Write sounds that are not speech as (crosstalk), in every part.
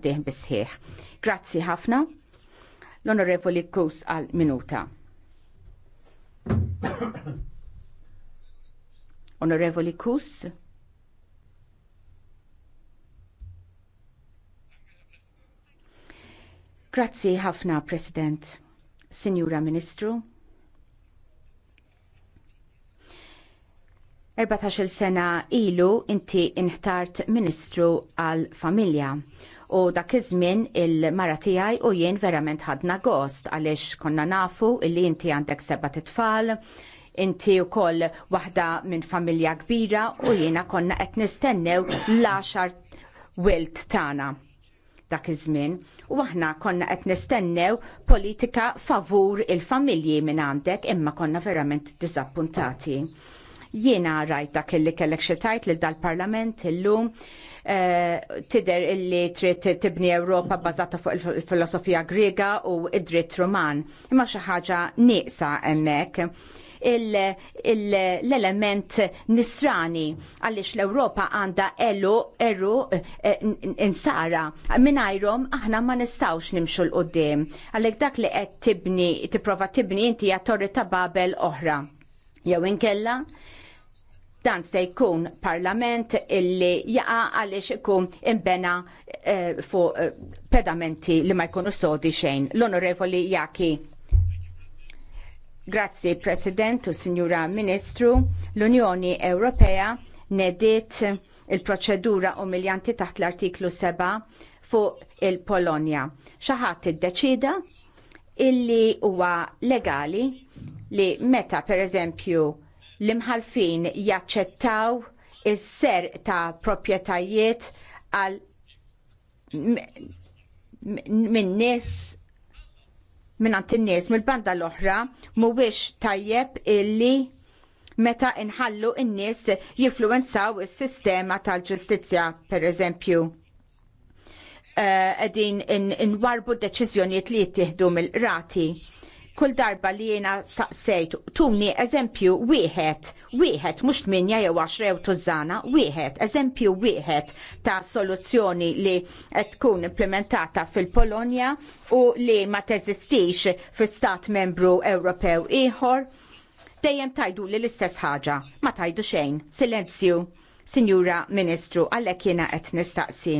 deħ bisħieħ. Grazzi ħafna. L-Onorevoli Kus għal minuta. (coughs) Onorevoli Kus. Grazzi ħafna, President. Signora Ministru. 14 sena ilu inti inħtart Ministru għal Familja u dak iż-żmien il-mara tiegħi u jien verament ħadna gost għaliex konna nafu li inti għandek seba' titfal, inti u koll wahda minn familja kbira u jiena konna qed nistennew l-10 wilt tagħna dak iż-żmien u aħna konna qed nistennew politika favur il-familji minn għandek imma konna verament disappuntati. Jiena rajt kelli kellek xi tajt lil dal-Parlament illum eh, tider illi trid tibni Ewropa bbażata fuq il-filosofija Griega u id-dritt Ruman. Imma xi ħaġa nieqsa hemmhekk l-element nisrani għalix l-Europa għanda elu erru eh, insara minajrom aħna ma nistawx nimxu l-qoddim għalek dak li qed tibni tipprova tibni inti għattorri ta' Babel oħra jew inkella Dan se jkun parlament illi jaqa għaliex ikun imbena eh, fuq eh, pedamenti li ma jkunu sodi xejn. L-Onorevoli Jaki. Grazzi President u Signora Ministru, l-Unjoni Ewropea nedit il-proċedura umiljanti taħt l-artiklu 7 fuq il-Polonja. Xaħat id-deċida illi huwa legali li meta per eżempju l-imħalfin jaċċettaw is-ser ta' proprjetajiet għal minn nies minn nies mill-banda l-oħra mhuwiex tajjeb illi meta inħallu n-nies jinfluwenzaw is-sistema tal-ġustizzja pereżempju. Qegħdin eh, uh, in warbu deċiżjonijiet li jittieħdu mill-qrati kull darba li jena saqsejt tuni eżempju wieħed, wieħed mhux minja jew 10 jew tużana, wieħed, eżempju wieħed ta' soluzzjoni li qed tkun implementata fil-Polonja u li ma teżistix fil-Stat Membru Ewropew ieħor. Dejjem tajdu li l-istess ħaġa, ma tajdu xejn, silenzju, Sinjura Ministru, għalhekk jiena qed nistaqsi.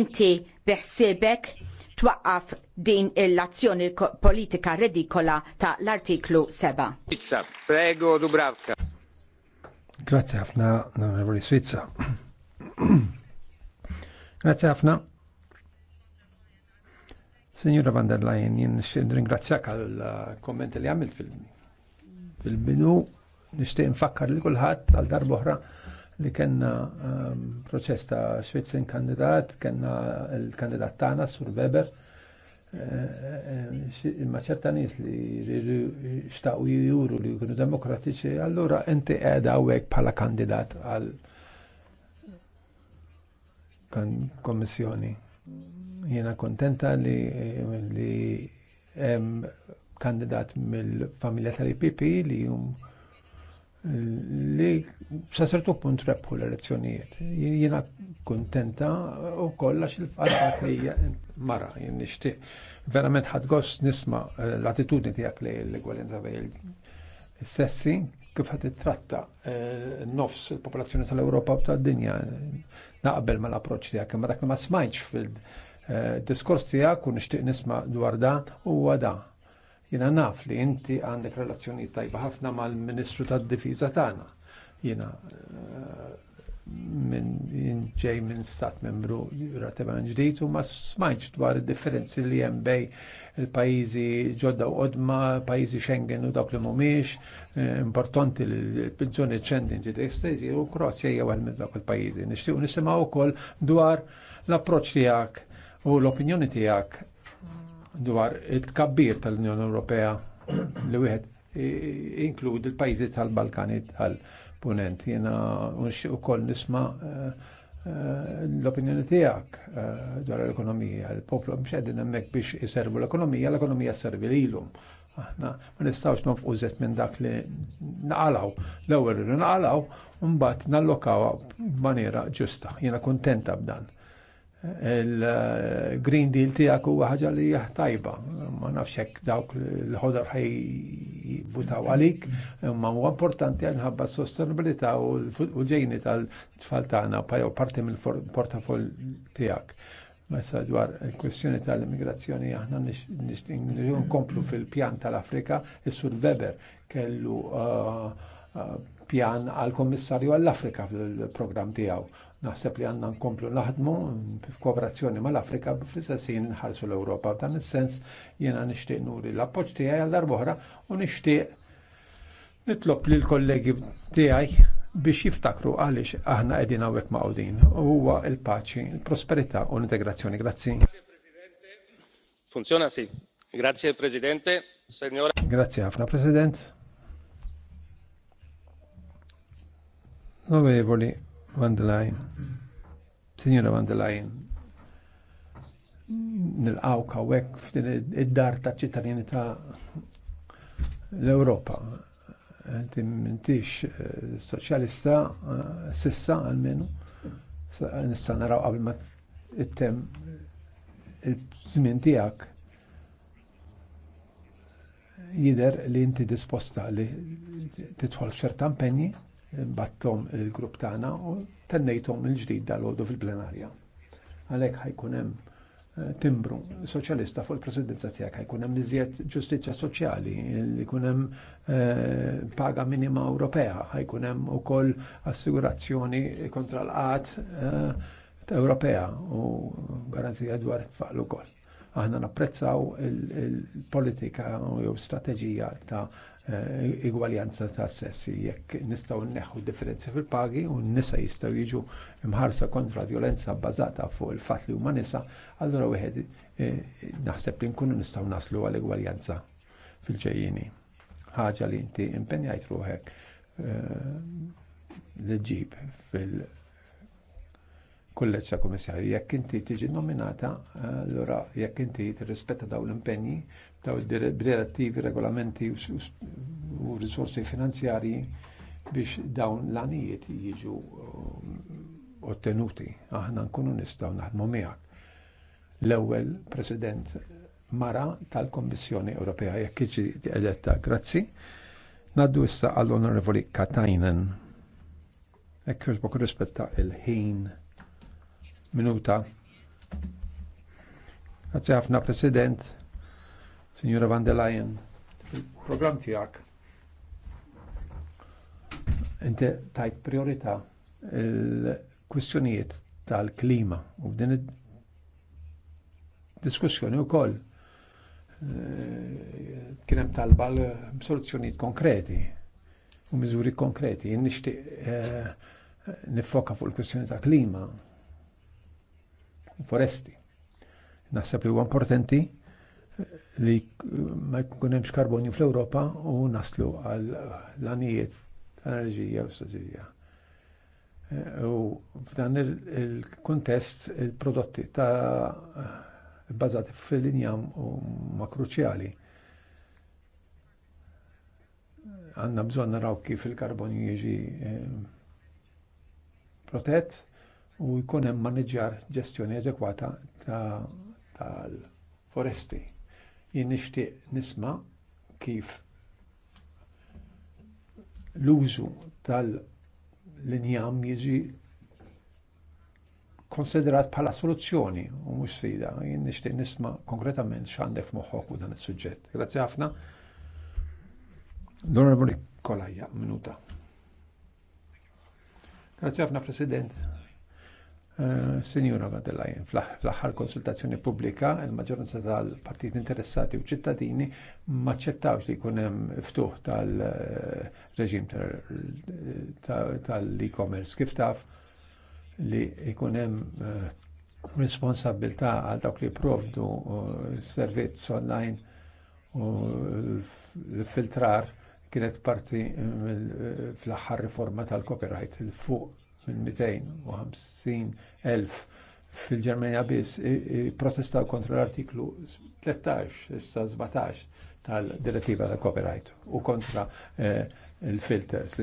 Inti beħsiebek twaqqaf din l-azzjoni politika redikola ta' l-artiklu 7. Swizza, prego Dubravka. Grazie ħafna, onorevoli Swizza. (clears throat) Grazie ħafna. Signora van der Leyen, jien ringrazzjak għal komment li għamilt fil-binu, nishtiq nfakkar li kulħadd għal darba oħra li kena um, ehm, proċess ta' Svizzin kandidat, kena il-kandidat tana, Sur Weber, eh, eh, eh, imma ċerta nis li jridu xtaqu juru li jkunu demokratiċi, allora inti qiegħda għek bħala kandidat għal kommissjoni. Jiena kontenta li li kandidat mill-familja tal-IPP li jum li sa sertu punt rebħu l-elezzjonijiet. Jiena kuntenta u kollax il-fatt li mara, jien nixtieq verament ħad gost nisma l-attitudni tiegħek li l-egwalenza bej il-sessi kif ħad n eh, nofs il-popolazzjoni tal-Ewropa u tal dinja naqbel mal-approċċ tiegħek, Ma dak li ma smajtx fil-diskors eh, tiegħek u nixtieq nisma' dwar dan huwa għada. Jiena naf li inti għandek relazzjoni tajba ħafna mal-Ministru tad-Difiża tagħna. Jiena eh, minn ġej minn stat membru relativament ġdid u ma smajtx dwar id-differenzi li hemm bej il-pajjiżi ġodda u qodma, pajjiżi Schengen u dawk li mhumiex, eh, importanti l pizzoni ċendinti d-ekstezi u Kroazja jew għal minn dak il-pajjiżi. Nixtiequ nisimgħu wkoll dwar l-approċċ tiegħek u l-opinjoni tiegħek dwar it tkabbir tal-Unjoni Ewropea li wieħed inkludi l-pajjiżi tal-Balkani tal-Punent. Jiena koll nisma' eh, eh, l-opinjoni tijak eh, dwar l-ekonomija, il poplu mx qegħdin emmek biex jiservu l-ekonomija, l-ekonomija servi li Aħna ma nistawx nonfqu zet minn dak li naqalaw, l-ewwel naqalaw, mbagħad nallokaw b'maniera ġusta. Jiena kuntenta b'dan il-Green Deal tijak u ħaġa li tajba. Ma nafxek dawk l-ħodar ħaj votaw għalik, ma u importanti għanħabba s-sostenibilità u l-ġejni tal-tfal pa' pajaw parti mill-portafol tijak. jessa dwar il-kwestjoni tal-immigrazzjoni aħna nkomplu fil-pjan tal-Afrika, jessur sur Weber kellu uh, uh, pjan għal-Kommissarju għall-Afrika fil-program tijaw Naħseb li għandna nkomplu naħdmu f'kooperazzjoni mal-Afrika fl-istessin nħarsu l europa F'dan is-sens jiena nixtieq nuri l-appoġġ tiegħi għal darb'oħra u nixtieq nitlob lil kollegi tiegħi biex jiftakru għaliex aħna qegħdin hawnhekk maqgħudin. Huwa l-paċi, l-prosperità u l-integrazzjoni. Grazzi. Funzjona si Grazie Presidente. Signora. Grazie ħafna President. Onorevoli Van der Leyen. Signora Van der Leyen, nil-għaw kawek f'din id-dar ta' ċittadini ta' l-Europa. Inti mintix soċjalista sissa għalmenu, nista' naraw qabel ma it-tem il-żmien tiegħek jider li inti disposta li titħol f'ċerta impenji battom il-grupp tagħna u tennejthom il-ġdid dal-għodu fil-plenarja. Għalhekk ħajkun hemm eh, timbru soċjalista fuq il-presidenza tiegħek ħajkun hemm iżjed ġustizzja soċjali, li jkun hemm eh, paga minima Ewropea, ħajkun hemm ukoll assigurazzjoni kontra l-qat eh, Ewropea u garanzija dwar it-tfal ukoll aħna napprezzaw il-politika u jew strateġija ta' Eh, igwaljanza ta' sessi jekk nistgħu nneħħu differenzi fil-pagi u n-nisa jistgħu jiġu mħarsa kontra violenza bbażata fuq il-fatt li huma nisa, allura wieħed eh, naħseb li nkunu nistgħu naslu għal igwaljanza fil-ġejjini. Ħaġa li inti impenjajt ruħek eh, li ġib fil- kulleġġ ta' jekk inti tiġi nominata, allura jekk inti rispetta dawn l-impenji daw direttivi, regolamenti u risorsi finanzjarji biex dawn l-anijiet jiġu um, ottenuti. Aħna nkunu nistgħu naħdmu miegħek. L-ewwel President Mara tal-Kommissjoni Ewropea jekk jiġi eletta. Grazzi. Naddu issa għall-Onorevoli Katajnen. Ekk jogħġbok rispetta il-ħin minuta. Grazzi ħafna President Signora Van der Leyen, il-program tijak inti tajt priorita' il-kwistjonijiet tal-klima u din il diskussjoni wkoll eh, kien hemm talba l soluzzjonijiet konkreti u miżuri konkreti. jinn nishti eh, nifoka fuq il-kwistjoni ta' klima u foresti. Naħseb li huwa importanti li ma jkun hemmx karbonju fl-Ewropa u naslu għal l-anijiet tal-enerġija u strategija. U f'dan il-kontest il-prodotti ta' bbażati fil-linjam ma' kruċjali għanna bżon naraw kif il-karbonju jiġi eh, protett u jkun hemm maneġġar ġestjoni adekwata tal-foresti. Ta Jien nixtieq nisma' kif l-użu tal-linjam jiġi konsiderat bħala soluzzjoni u mhux sfida. Jien nixtieq nisma' konkretament x'għandek f'moħħok u dan is-suġġett. Grazzi ħafna. l Kolajja, minuta. Grazzi ħafna President. Eh, Sinjura Madeleine, fl-aħħar konsultazzjoni pubblika, il-maġġoranza tal-partit interessati u ċittadini maċċettawx li jkun hemm ftuħ tal-reġim eh, tal-e-commerce kif taf li kunem hemm eh, għal dawk li provdu servizz online u l-filtrar kienet parti fl-aħħar riforma tal-copyright il-fuq 250,000 fil-Ġermanja biss protestaw kontra l-artiklu 13 issa 17 tal-direttiva tal copyright u kontra eh, il-filters.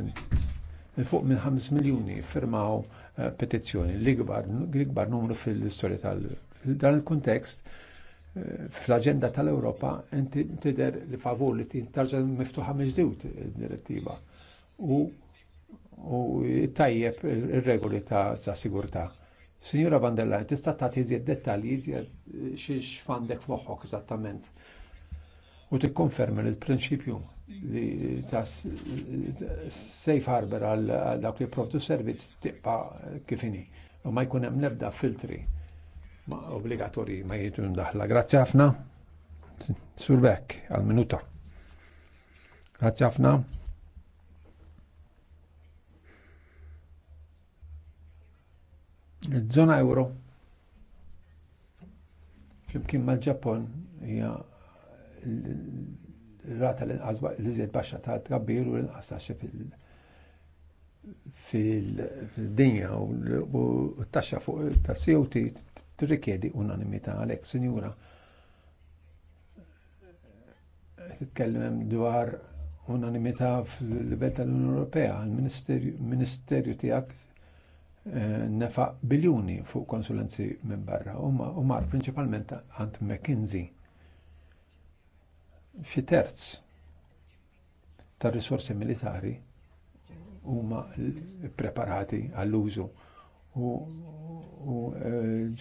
Fuq minn 5 miljuni firmaw eh, petizzjoni l-ikbar numru fil-istorja tal dan il-kontekst eh, fl-agenda tal-Europa inti tider li favur li tintarġa miftuħa miġdut id-direttiva u u tajjeb il-regoli ta', ta sigurtà. Signora Vandella, tista' tagħti iżjed dettalji iżjed eh, xiex fandek f'moħħok eżattament. U tikkonferma li l-prinċipju li ta' safe harbor għal dawk li provdu servizz tibqa' kifini u ma jkun hemm nebda filtri ma obbligatorji ma jitu ndaħla. Grazzi ħafna. Surbek għal minuta. Grazzi ħafna. il żona euro flimkien mal-Ġappon hija rata l-inqas l-iżjed baxxa ta' tkabbir u l-inqas taxxa fil-dinja u t-taxxa fuq ta' CO2 tirrikjedi unanimità għalhekk, sinjura. Titkellem dwar unanimità fil-livell tal-Unjoni Ewropea, il-Ministerju tiegħek Eh, nefa biljuni fuq konsulenzi minn barra u mar principalment għant McKinsey. Xi terz tar-risorsi militari huma preparati għall-użu u e,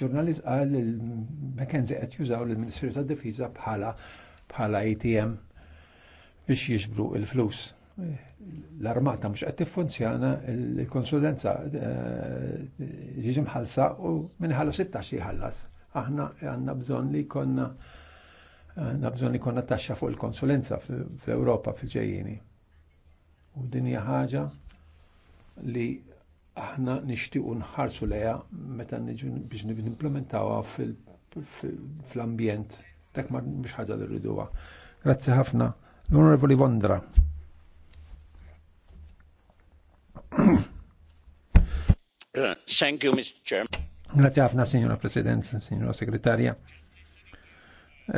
ġurnalist għal il-McKenzie qed jużaw lill ministru tad-Difiża bħala bħala ATM biex jiġbru l-flus l-armata mhux qed tiffunzjana il-konsulenza ġiġi eh, mħallsa u minn ħallas it-taxxi ħallas. Aħna għandna bżonn li konna għandna bżonn li konna taxxa fuq il-konsulenza fl-Ewropa fil-ġejjini. U din hija ħaġa li aħna nixtiequ nħarsu leja meta niġu biex nimplementawha fl-ambjent. Dak ma mhux ħaġa li rriduha. Grazzi ħafna. L-Onorevoli Vondra. Uh, thank you, Mr. Chairman. Grazie ħafna, Signora Presidenza, Signora Segretaria.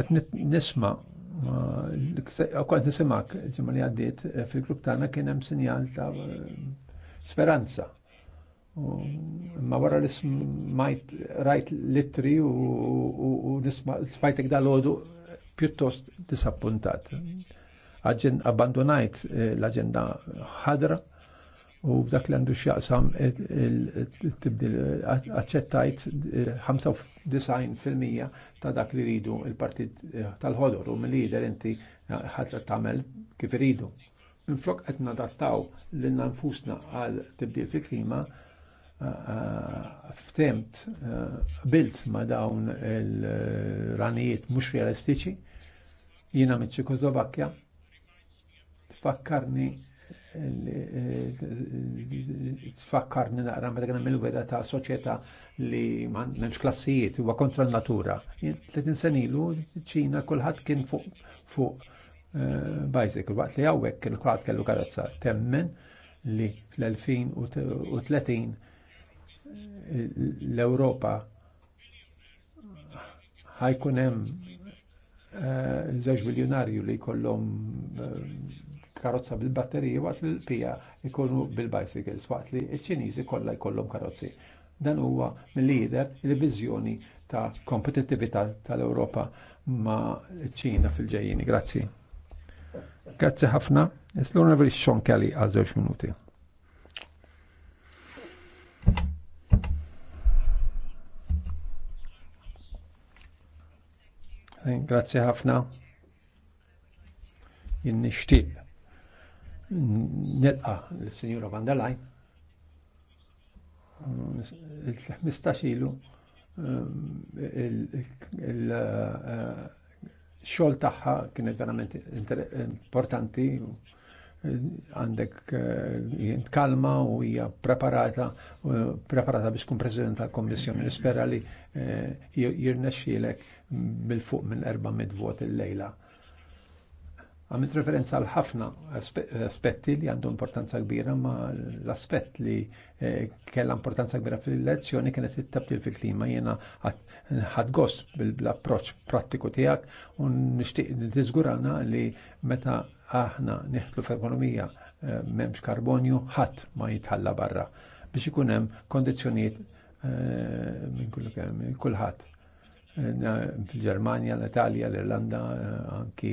Et nisma, u kont nisimak ġimma li għaddit eh, fil-grupp tana kien hemm sinjal ta' speranza. Ma wara li smajt rajt litri u nisma smajtek dal-ħodu pjuttost disappuntat. Abbandonajt eh, l-agenda ħadra u bdak li għandu x'jaqsam tibdil aċċettajt 95% eh, ta' dak li ridu il-partit eh, tal-ħodor u mill-lider inti eh, ħatra tagħmel kif iridu. Minflok qed nadattaw l-inna nfusna għal tibdil fil-klima ftemt bilt ma dawn il-ranijiet mhux realistiċi jiena miċ-Ċekoslovakkja tfakkarni tfakkarni naqra meta kien hemm il ta' soċjetà li m'hemmx klassijiet huwa kontra n-natura. Tletin senilu ilu ċina kulħadd kien fuq fuq eh, bicycle waqt li hawnhekk il-kulħadd kellu karozza temmen li fl-2030 eh, l-Ewropa ħajkun hemm eh, żewġ miljonarju li jkollhom karozza bil-batterija waqt li l-pija ikunu bil-bicycles waqt li ċ-Ċiniżi kollha jkollhom karozzi. Dan huwa mill-lider il-viżjoni ta' kompetittività tal-Ewropa ma' ċina fil-ġejjini. Grazzi. Grazzi ħafna. Isluna veri Sean Kelly għal żewġ minuti. Grazzi ħafna. Jinn nixtieq nilqa l-Sinjura van der Leyen. 15 ilu um, il-xol uh, tagħha kienet verament importanti għandek uh, jent kalma u hija preparata uh, preparata biex tkun president tal-Kommissjoni. Nispera li jirnexxielek bil-fuq minn 400 vot il-lejla Għamilt referenza għal ħafna aspetti li għandu importanza kbira, ma l-aspett li eh, kella importanza kbira fil lezzjoni kienet it-tabdil fil-klima. Jena ħad gost bil-approċ prattiku tijak un nishtiq nizgurana li meta aħna neħtlu f'ekonomija eh, memx karbonju, ħadd ma jitħalla barra biex ikun hemm kondizzjonijiet eh, minn kulħadd fil-Ġermanja, l-Italja, l-Irlanda, eh, anki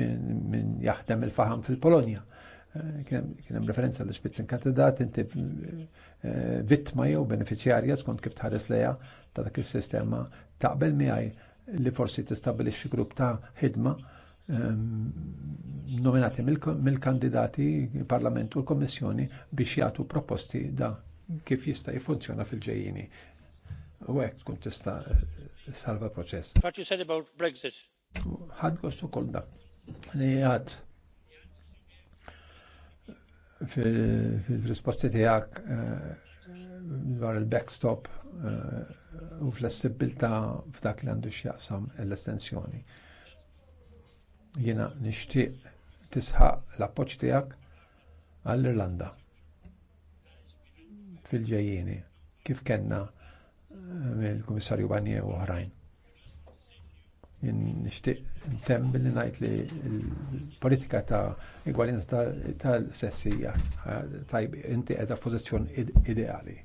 minn jaħdem il-faham fil-Polonja. Eh, kien hemm referenza l spitzin kandidat inti eh, vittma jew beneficjarja skont kif tħares leja ta' dak il-sistema taqbel miegħi li forsi tistabilixxi grupp ta' ħidma ehm, nominati mill-kandidati parlament u l-Kommissjoni biex jagħtu proposti da kif jista' jiffunzjona fil-ġejjini. U hekk tkun tista' salva proċess. What you said about Brexit? Ħad kostu kolda. Li għad fil-risposti tijak eh, dwar il-backstop eh, u flessibilta f'dak li għandu xjaqsam l-estensjoni. Jena nishtiq tisħaq l-appoċ tijak għall-Irlanda fil ġajjini kif kenna mill komissarju Barnier u Nishtiq n-tem billi najt li l-politika ta' igualinz ta' l sessija ta' inti edha pozizjon ideali.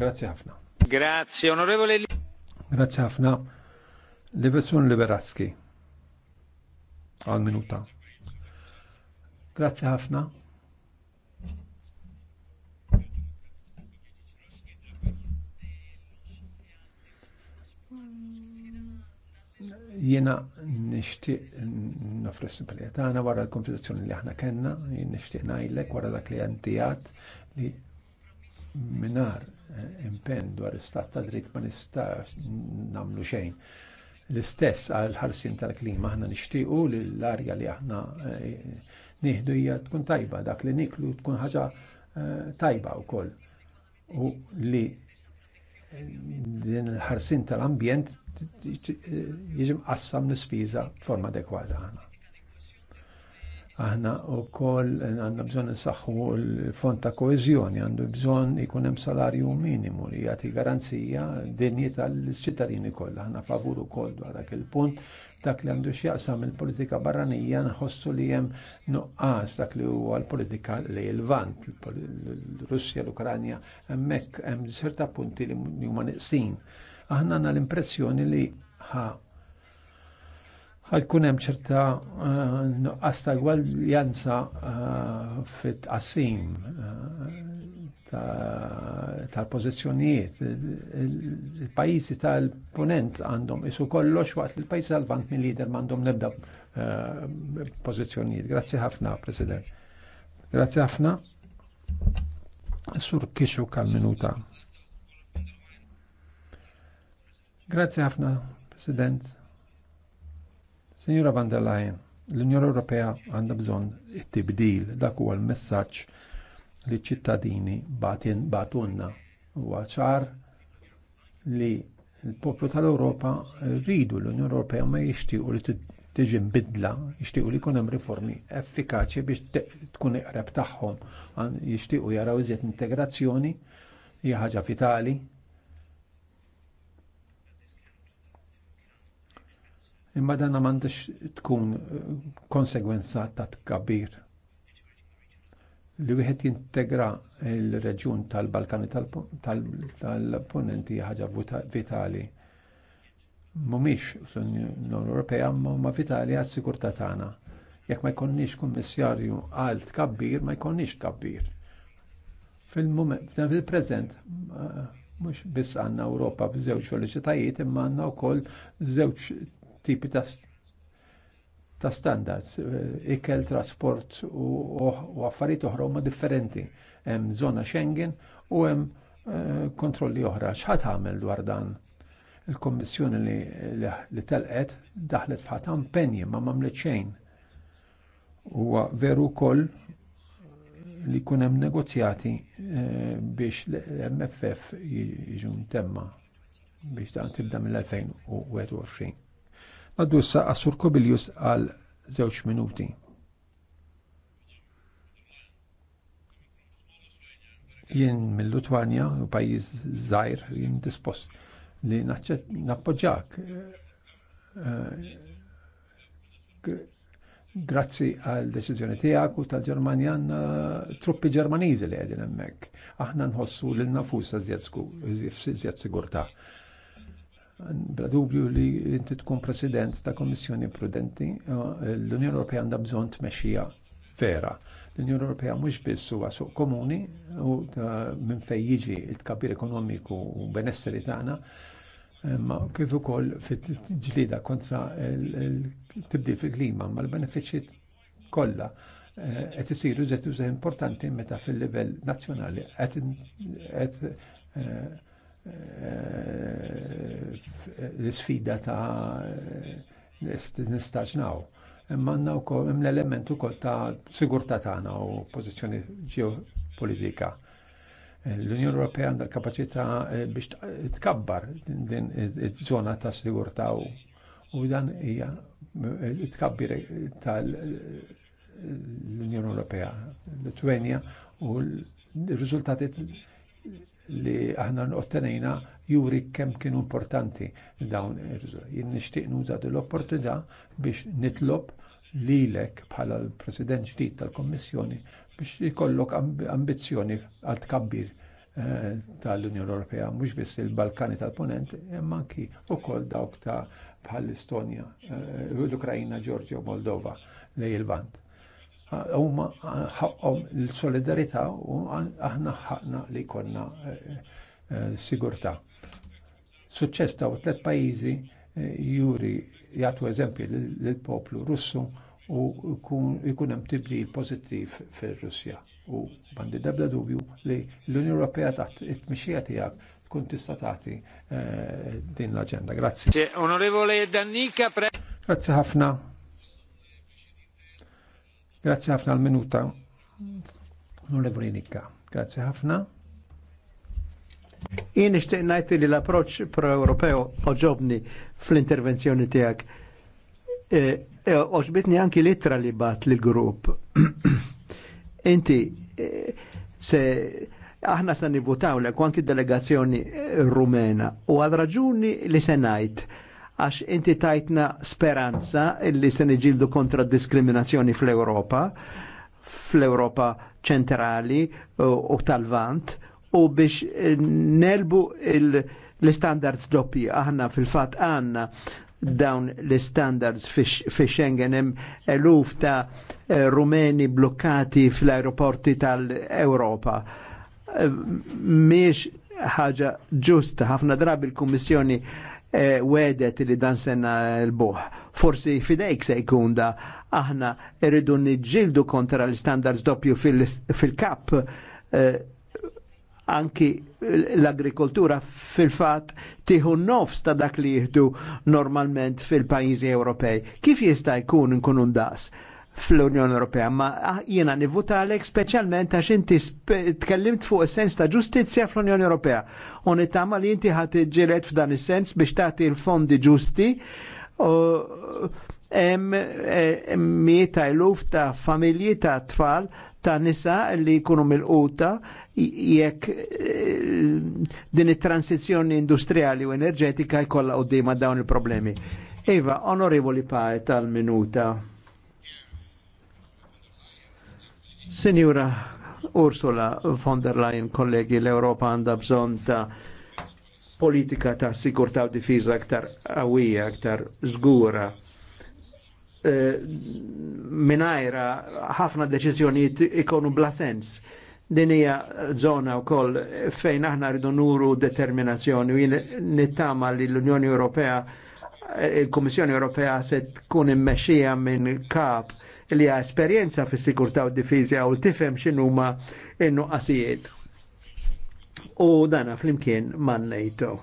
Grazie ħafna. Grazie, onorevole. Grazie ħafna. Levesun Liberaski. Għal minuta. Grazie ħafna. Jena nishtiq nofri pal simplijat għana wara l-konversazzjoni li aħna kena, nishtiq najlek wara dak li għantijat li minar eh, impen dwar istat ta' dritt ma nistax namlu xejn. L-istess għal ħarsin tal-klima aħna nishtiqu li l-arja li aħna eh, nieħdu hija tkun tajba, dak li niklu tkun ħaġa eh, tajba wkoll u li din il-ħarsin tal-ambjent jiġi mqassam l-ispiża b'forma adekwata aħna. Aħna u koll għanna bżon nsaxħu l-fond ta' koezjoni, għandu bżon ikun hemm salarju minimu li jagħti garanzija dinji tal-ċittadini kollha. Aħna favur ukoll dwar dak il-punt dak li għandu x'jaqsam il-politika barranija nħossu li hemm nuqqas dak li huwa l-politika li l-vant, l-Russja, l-Ukranja, hemmhekk hemm ċerta punti li huma niqsin. Aħna għandna l-impressjoni li ħa ħajkun hemm ċerta eh, nuqqas ta' gwaljanza eh, fit-qasim eh, tal-pożizzjonijiet. Il-pajjiżi tal-punent għandhom isu kollox waqt il-pajjiżi tal-vant minn lider m'għandhom nebda eh, pozizjonijiet. Grazzi ħafna, President. Grazzi ħafna. Sur kixu kal minuta. Grazzi ħafna, President. Signora van der Leyen, l-Unjoni Ewropea għandha bżonn it-tibdil, dak huwa l-messaġġ li ċittadini batunna huwa ċar li l-poplu tal-Ewropa rridu l-Unjoni Ewropea ma jixtiequ li tiġi bidla, jixtiequ li jkun hemm riformi effikaċi biex tkun iqreb tagħhom, jixtiequ jaraw iżjed integrazzjoni hija ħaġa vitali. Imma dan m'għandix tkun eh, konsegwenza ta' tkabbir li wieħed jintegra il-reġjun tal-Balkani tal-Ponenti ħaġa vitali. Mhumiex fl-Unjoni Ewropea ma vitali għas sigurta tagħna. Jekk ma jkollniex kummissarju għal tkabbir, ma jkunniex tkabbir. Fil-moment, fil-preżent, mhux biss għandna Ewropa b'żewġ veloċitajiet, imma għandna wkoll żewġ tipi ta' ta' standards, eh, ikel, trasport u affarijiet oħra huma differenti. Hemm żona Schengen u hemm eh, kontrolli oħra. X'ħadd għamel dwar dan? Il-Kommissjoni li telqet daħlet f'ħadd impenji ma m'għamlet xejn. Huwa veru wkoll li jkun hemm negozjati eh, biex l-MFF jiġu temma biex dan tibda mill-2021. Għaddu issa għassur Kobilius għal żewġ minuti. Jien mill lutwania u pajjiż zaħir, jien dispost li nappoġġak. Eh, eh, grazzi għal deċiżjoni tiegħek u tal-Ġermanja truppi Ġermaniżi li għedin hemmhekk. Aħna nħossu lil nafus iżjed sigurtà. Bla dubju li inti tkun president ta' Kommissjoni Prudenti, eh, l-Unjoni Ewropea għandha bżonn tmexxija vera. L-Unjoni Ewropea mhux biss huwa suq komuni u eh, minn fejn jiġi l-tkabbir ekonomiku u benesseri tagħna, imma kif ukoll fit-ġlida kontra l-tibdil fil-klima ma l-benefiċċji kollha eh, qed isiru żed importanti meta fil-livell nazzjonali qed Eh, l-sfida ta' eh, nistaġnaw. Imma għanna u hemm l elementu ukoll ta' sigurta ta' għana u pozizjoni ġeopolitika. L-Unjoni Ewropea għandha l-kapaċità eh, biex tkabbar din iż-żona ta' sigurta u dan hija tkabbir tal-Unjoni Ewropea, Litwenja u l-riżultati li aħna ottenejna juri kemm kienu importanti dawn ir-riżultati. Jien nixtieq nuża l-opportunità biex nitlob lilek bħala l-President ġdid tal-Kommissjoni biex ikollok ambizzjoni għal tkabbir eh, tal-Unjoni Ewropea, mhux biss il-Balkani tal-Ponent, imma anki wkoll dawk ta' bħal l-Estonja, eh, l-Ukrajna, Ġorġja u Moldova lej il-Vant huma ħaqhom l-solidarità u aħna ħaqna li konna eh, eh, sigurtà. Suċċess ta' tliet pajjiżi eh, juri jagħtu eżempju lill-poplu Russu u jkun hemm tibdi pożittiv fir-Russja. U bandi debda dubju li l-Unjoni Ewropea taħt it-tmixija tiegħek tkun tista' tagħti din l-aġenda. Grazzi. Onorevole Dannika, Grazzi ħafna. Grazie ħafna għal minuta Onorevoli Nicca, grazie ħafna. Jien nixtieq ngħid li l-approċċ pro-Ewropew oġobni fl-intervenzjoni tiegħek. E, e, oġbitni anki littra li bat lil grupp. (clears throat) Inti e, se aħna se nivutaw lek anki delegazzjoni rumena u għad raġuni li se ngħid għax inti tajtna speranza illi se niġildu kontra diskriminazzjoni fl-Europa, fl-Europa ċentrali u tal-vant, u biex eh, nelbu l-standards doppi. Aħna fil-fat għanna dawn l-standards fi Schengen hemm eluf ta' eh, rumeni blokkati fl-aeroporti tal-Europa. Eh, miex ħaġa ġusta, ħafna drabi l-Kummissjoni Eh, wedet li dan sena l-boħ. Forsi fidejk se jkun da aħna irridu nġildu kontra l-standards doppju fil-kap eh, anki l-agrikoltura fil-fat tiħu nofs ta' dak li jihdu normalment fil-pajizi Ewropej. Kif jista' jkun nkunu das? fl-Unjoni Ewropea. Ma ah, jiena għalek speċjalment għax inti tkellimt fuq is-sens ta' ġustizzja fl-Unjoni Ewropea. U nittama li inti ħadd ġiret f'dan is-sens biex tagħti l-fondi ġusti hemm ta' eluf ta' familji ta' tfal ta' nisa li jkunu mill-quta jekk eh, din it transizzjoni industrijali u enerġetika jkollha qudiema dawn il-problemi. Iva, onorevoli paħe tal-minuta. Senjura Ursula von der Leyen, kollegi, l-Europa għanda bżon ta' politika ta' sigurta u difiza aktar għawija, aktar zgura. E, eh, Minajra, ħafna deċizjoniet ikonu bla sens. Din hija zona wkoll fejn aħna rridu nuru determinazzjoni u nittama li l-Unjoni Ewropea eh, il-Kummissjoni Ewropea se tkun immexxija minn kap li ha esperjenza fis sigurta u d u tifhem x'inhuma in-nuqqasijiet. U dana flimkien man NATO.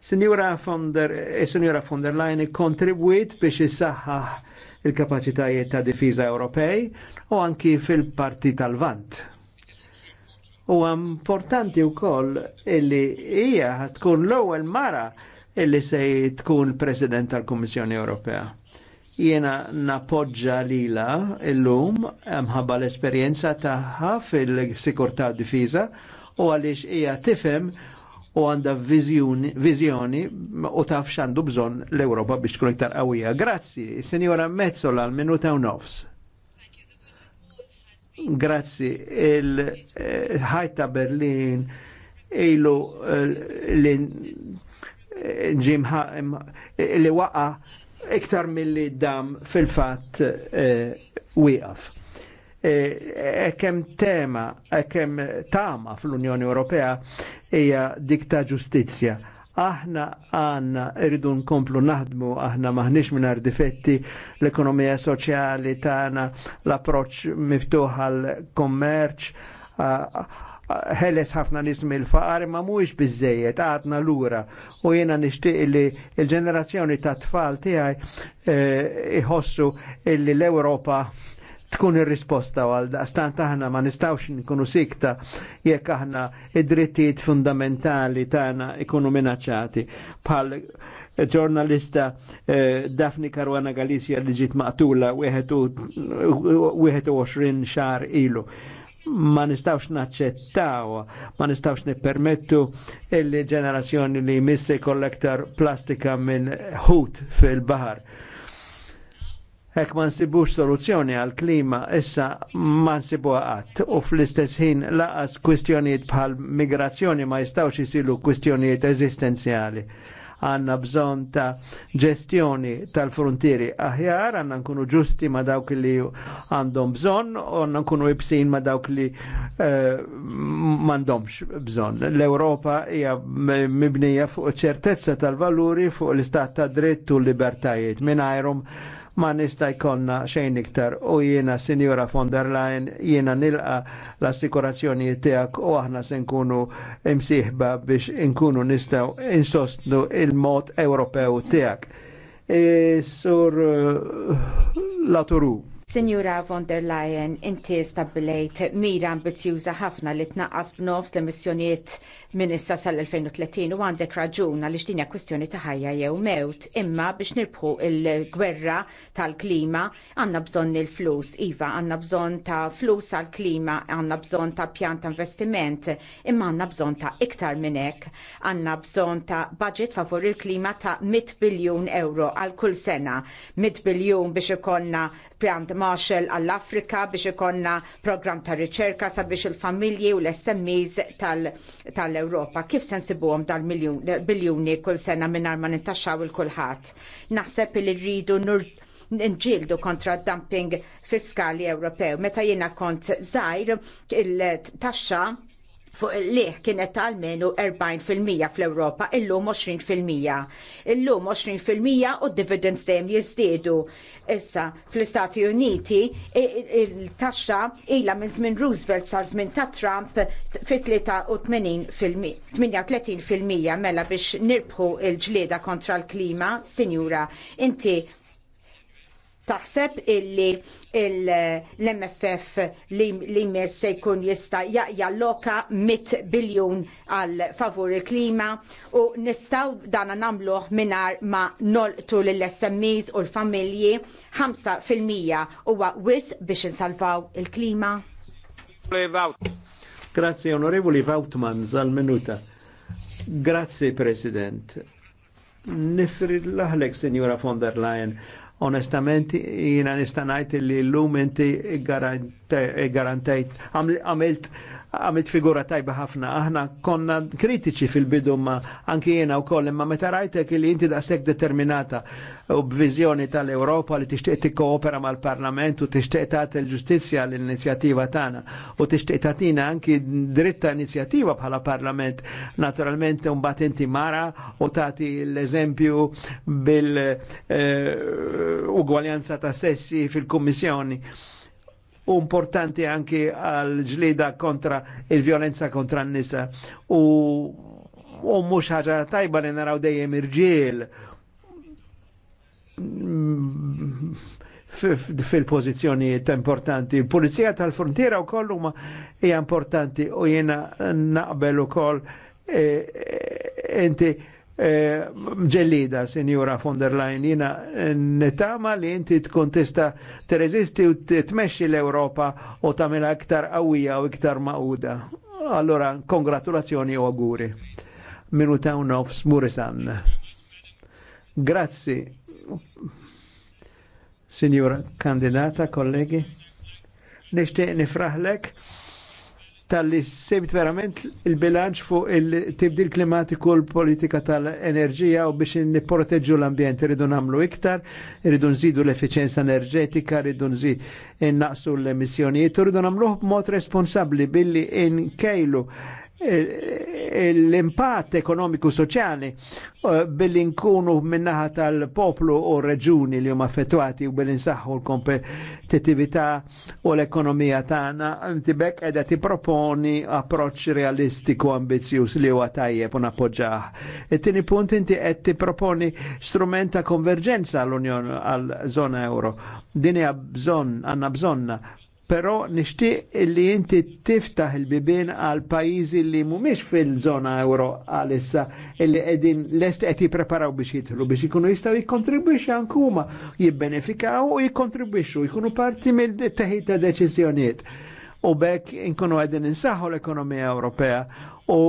Signora von der, e signora von der Leyen kontribwit biex issaħħaħ il-kapacitajiet ta' difiża Ewropej u anki fil-parti tal-Vant. U importanti u koll illi hija tkun l-ewwel mara illi se tkun President tal-Kummissjoni Ewropea. Jiena napoġġa lila illum mħabba l-esperjenza tagħha fil-sikurtà difiża u għaliex hija tifhem u għandha viżjoni u taf x'għandu bżonn l-Ewropa biex tkun iktar qawwija. Grazzi, Sinjora Mezzola l-minuta u nofs. Grazzi, il-ħajta Berlin ilu eh, l-ġimħa li waqa' iktar mill-li dam fil-fat eh, wieqaf. Ekem eh, e tema, ekem tama fl-Unjoni Ewropea hija dik ta' ġustizzja aħna għanna irridu nkomplu naħdmu, aħna maħnix mingħajr difetti l-ekonomija soċjali tagħna, l approċċ miftuħ għal-kommerċ, ħeles ħafna nism il-faqar ma mhuwiex biżejjed għadna lura u jiena nixtieq li l-ġenerazzjoni ta' tfal tiegħi eh, iħossu illi l-Ewropa tkun ir-risposta għal stant aħna ma nistawx nkunu sikta jekk aħna id-drittijiet fundamentali tagħna ikunu minaċċati bħal ġurnalista eh, Dafni Karwana Galizja li ġiet maqtula 21 xar ilu ma nistawx naċċettaw, ma nistawx nippermettu il-ġenerazzjoni li jmissi kollektar plastika minn hut fil-bahar. Ek ma nsibux soluzzjoni għal klima issa ma nsibu għat u fl-istess ħin laqas kwistjonijiet bħal migrazzjoni ma jistawx jisilu kwistjonijiet eżistenzjali għanna bżon ta' ġestjoni tal-frontieri aħjar, għanna nkunu ġusti ma' dawk li għandhom bżon, u għanna nkunu ibsin ma' dawk li uh, eh, mandomx bżon. L-Europa hija mibnija fuq ċertezza tal-valuri fuq l-istat ta' dritt u l-libertajiet. Minajrum ma nista' jkonna xejn iktar u jiena Sinjora von der Leyen jiena nilqa l-assikurazzjoni tiegħek u aħna se nkunu imsieħba biex nkunu nistgħu insostnu il-mod Ewropew tiegħek. E, sur uh, eh, Laturu. Sinjura von der Leyen, inti stabbilejt mira ambizjuża ħafna li tnaqqas b'nofs l-emissjonijiet minn issa sal-2030 u għandek raġun li din kwistjoni ta' ħajja jew mewt, imma biex nirbħu il-gwerra tal-klima għandna bżonn il-flus, iva għandna bżonn ta' flus għal klima għandna bżonn ta' pjant ta' investiment, imma għandna bżonn ta' iktar minn hekk, għandna bżonn ta' budget favur il-klima ta' 100 biljun euro għal kull sena, 100 biljun biex ikollna pjant. Marshall għall-Afrika biex ikonna programm ta' riċerka sabiex il-familji u l-SMEs tal-Europa. Kif sensibuhom dal-biljuni kull sena mingħajr ma nintaxxaw il-kulħadd? Naħseb li rridu nġildu kontra dumping fiskali Ewropew. Meta jiena kont żgħir il-taxxa fuq il-liħ kienet menu 40% fl-Europa, illum 20%. Illum 20% u dividends dejjem jiżdiedu. Issa, fl-Istati Uniti, il-taxxa ilha minn żmien Roosevelt sa' żmien ta' Trump fi 38% mela biex nirbħu il-ġlieda kontra l-klima, sinjura, inti taħseb illi l-MFF li jmiss se jkun jista jaqja loka 100 biljun għal favur il-klima u nistaw dana namluħ minar ma nolqtu l-SMEs u l-familji 5% huwa wis biex insalvaw il-klima. Grazie onorevoli Vautman zal-minuta. Grazie President. Nifri laħlek, Signora von der Leyen, Onestament, jina nistanajt li l-lum inti garantajt, għamilt għamilt figura tajba ħafna. Aħna konna kritiċi fil-bidu ma anki jena u koll, ma meta rajtek li inti sek determinata u b'vizjoni tal-Europa li tixtieq tikkoopera mal-Parlament u tixtieq tagħti l ġustizja l-inizjattiva tagħna u tixtieq tagħtina anki dritta inizjattiva bħala Parlament. Naturalment mbagħad inti mara u tagħti l-eżempju bil-ugwaljanza eh, ta' sessi fil-Kummissjoni u importanti anki għal ġlida kontra il-violenza kontra n-nisa u u mux ħaġa tajba li naraw dejjem irġiel fil-pozizjonijiet importanti. Pulizija tal-frontiera u kollu ma hija importanti u jena naqbel u koll inti e, e, ġellida, e, von der Leyen, jina netama li inti kontista t-rezisti u tmexxi l-Europa u tamela iktar għawija u iktar maquda. Allora, kongratulazzjoni u auguri. Minu ta' nofs smurisan. Grazzi, Sinjura kandidata, kollegi. Nishtiq nifraħlek tal-li sebt verament il-bilanċ fuq il-tibdil klimatiku l-politika tal-enerġija u biex niproteġu l-ambjent. Rridu namlu iktar, rridu nżidu l-efficienza enerġetika, rridu nżidu naqsu l-emissjonijiet, rridu namluħ b'mod responsabli billi inkejlu l-impatt ekonomiku soċjali uh, billi nkunu minnaħa tal-poplu u reġuni li huma affettwati u billi nsaħħu l-kompetitività u l-ekonomija tagħna inti qiegħda tipproponi approċċ realistiku ambizjuż li huwa tajjeb u nappoġġah. It-tieni punt inti qed tipproponi strument ta' konverġenza għall-Unjoni għal żona euro. Din hija bżonn għandna bżonna Pero nishtiq li inti tiftaħ il bibin għal pajizi li mhumiex fil zona euro għalissa li qegħdin lest qed jippreparaw biex jitħlu biex ikunu jistaw jikkontribwixxu anke huma jibbenefikaw u jikkontribwixxu jkunu parti mill-teħid ta' deċiżjonijiet. U bekk inkunu qegħdin insaħħu l-ekonomija Ewropea u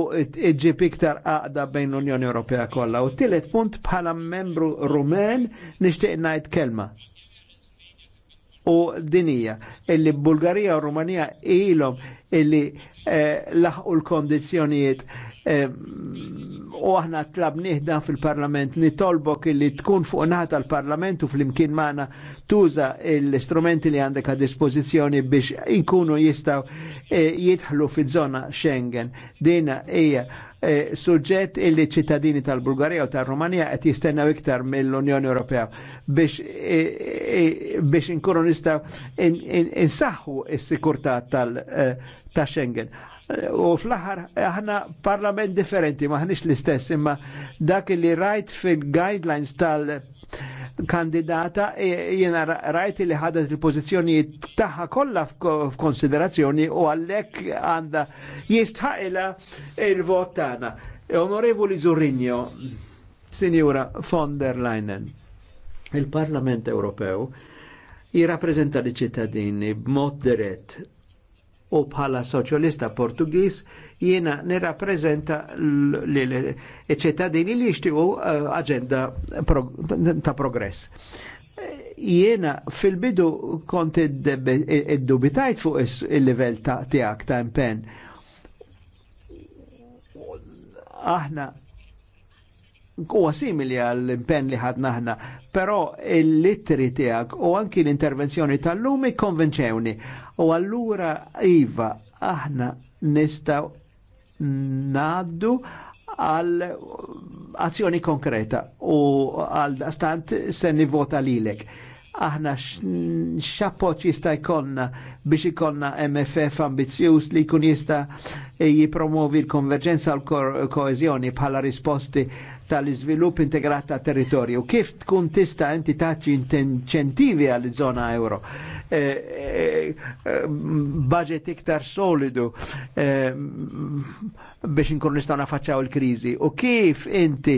iġib iktar għaqda bejn l-Unjoni Ewropea kollha. U tielet punt bħala membru Rumen nixtieq ngħid kelma u dinija. Illi Bulgarija u Rumanija ilhom illi eh, laħqu l-kondizjonijiet eh, u aħna tlab nieħdan fil-parlament nitolbok illi tkun fuq naħta l parlament u fl-imkien maħna tuża l-istrumenti li għandek għad dispożizzjoni biex inkunu jistaw eh, jitħlu fil-zona Schengen. Dina hija eh, Eh, suġġett illi ċittadini tal-Bulgarija u tal-Rumanija qed jistennew iktar mill-Unjoni Ewropea biex eh, eh, biex inkunu nistgħu insaħħu s-sikurtà tal ta' Schengen. U fl-aħħar aħna parlament differenti, maħniex l-istess, imma dak li rajt fil-guidelines tal- kandidata e jena rajti li ħadet il-pozizjoni taħħa kollha f'konsiderazzjoni u għallek għanda jistħaqila il-vot tagħna. Onorevoli Zurrinjo, Sinjura von der Leyen, il-Parlament Ewropew jirrappreżenta li ċittadini b'mod dirett u bħala soċjalista Portugiż jiena nirrappreżenta l-ċittadini li jixtiequ eh, aġenda ta' progress. Jiena fil-bidu kont id-dubitajt fuq il-livell ta' tiegħek ta' impenn. Aħna huwa simili għall impenn li ħadna aħna, però l-littri tiegħek u anki l-intervenzjoni tal-lumi konvinċewni U allura Iva, aħna nistaw naddu għal azzjoni konkreta u għal stant se nivota lilek. Aħna xappoċ jista' jkollna biex ikonna MFF ambizjus li jkun jista' jipromovi l-konverġenza l koezjoni bħala risposti tal izvilup integrat ta' territorju. Kif tkun tista' inti taċi inċentivi għal zona euro? Eh, eh, eh, budget iktar solidu biex nkun nistgħu nafaċċaw il-kriżi. U kif inti